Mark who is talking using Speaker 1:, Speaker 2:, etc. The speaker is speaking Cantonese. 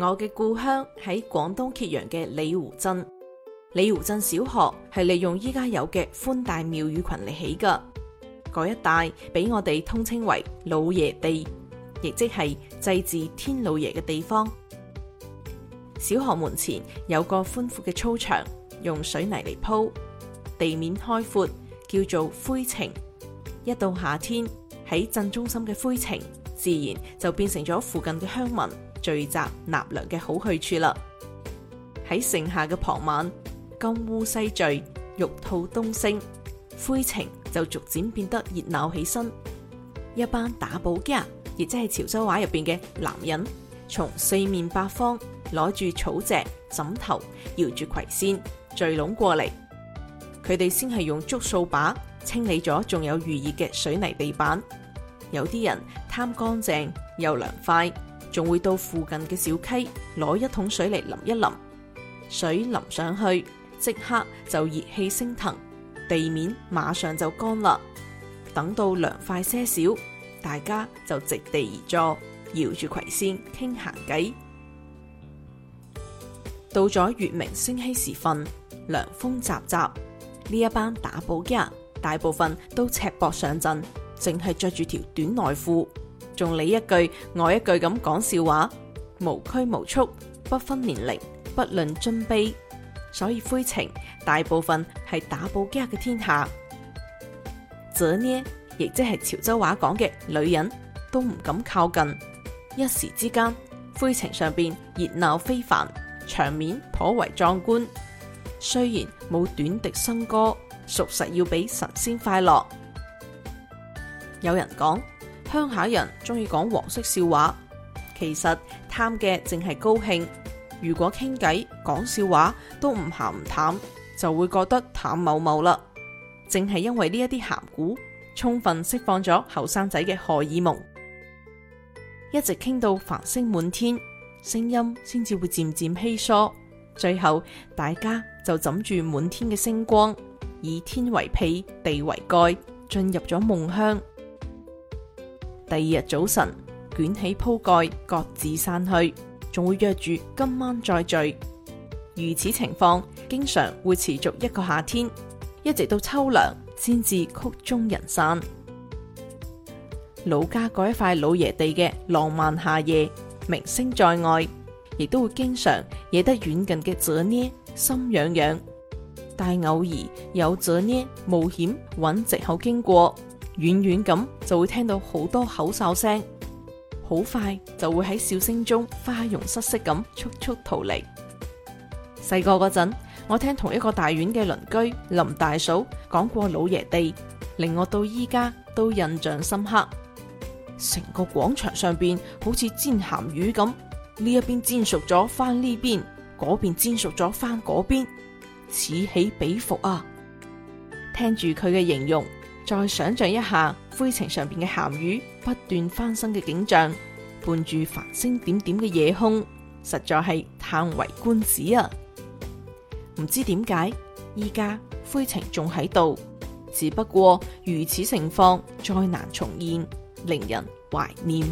Speaker 1: 我嘅故鄉喺廣東揭陽嘅里湖鎮，里湖鎮小學係利用依家有嘅寬大廟宇群嚟起㗎。嗰一帶俾我哋通稱為老爺地，亦即係祭祀天老爺嘅地方。小學門前有個寬闊嘅操場，用水泥嚟鋪，地面開闊，叫做灰埕。一到夏天，喺鎮中心嘅灰埕，自然就變成咗附近嘅鄉民聚集納涼嘅好去處啦。喺盛夏嘅傍晚，金烏西墜，玉兔東升，灰埕就逐漸變得熱鬧起身。一班達埔仔，亦即係潮州話入邊嘅男人，從四面八方攞住草席、枕頭，搖住葵扇，聚攏過嚟。佢哋先係用竹掃把清理咗仲有餘熱嘅水泥地板。有啲人貪乾淨又涼快。仲會到附近嘅小溪攞一桶水嚟淋一淋，水淋上去即刻就熱氣升騰，地面馬上就乾啦。等到涼快些少，大家就席地而坐，搖住葵扇傾閒偈。到咗月明星稀時分，涼風習習，呢一班達埔仔大部分都赤膊上陣，淨係着住條短內褲。仲你一句我一句咁講笑話，無拘無束，不分年齡，不論尊卑，所以灰埕大部分係達埔仔嘅天下。姿娘亦即係潮州話講嘅，女人都唔敢靠近。一時之間，灰埕上邊熱鬧非凡，場面頗為壯觀。雖然冇短笛笙歌，屬實要比神仙快樂。有人講，鄉下人鍾意講黃色笑話，其實貪嘅淨係高興。如果傾偈講笑話都唔咸唔淡，就會覺得淡某某啦。正係因為呢一啲咸古，充分釋放咗後生仔嘅荷爾蒙，一直傾到繁星滿天，聲音先至會漸漸稀疏，最後大家就枕住滿天嘅星光，以天為被，地為蓋，進入咗夢鄉。第二日早晨，捲起鋪蓋，各自散去，仲會約住今晚再聚。如此情況，經常會持續一個夏天，一直到秋涼，先至曲終人散。老家嗰一塊老爺地嘅浪漫夏夜，名聲在外，亦都會經常惹得遠近嘅姿娘心癢癢，但偶爾有姿娘冒險揾借口經過。遠遠咁就會聽到好多口哨聲，好快就會喺笑聲中花容失色咁速速逃離。細個嗰陣，我聽同一個大院嘅鄰居林大嫂講過老爺地，令我到依家都印象深刻。成個廣場上面好似煎鹹魚咁，呢一邊煎熟咗翻呢邊，嗰邊煎熟咗翻嗰邊，此起彼伏啊！聽住佢嘅形容。再想象一下灰埕上邊嘅鹹魚不斷翻身嘅景象，伴住繁星點點嘅夜空，實在係嘆為觀止啊！唔知點解，依家灰埕仲喺度，只不過如此情況再難重現，令人懷念。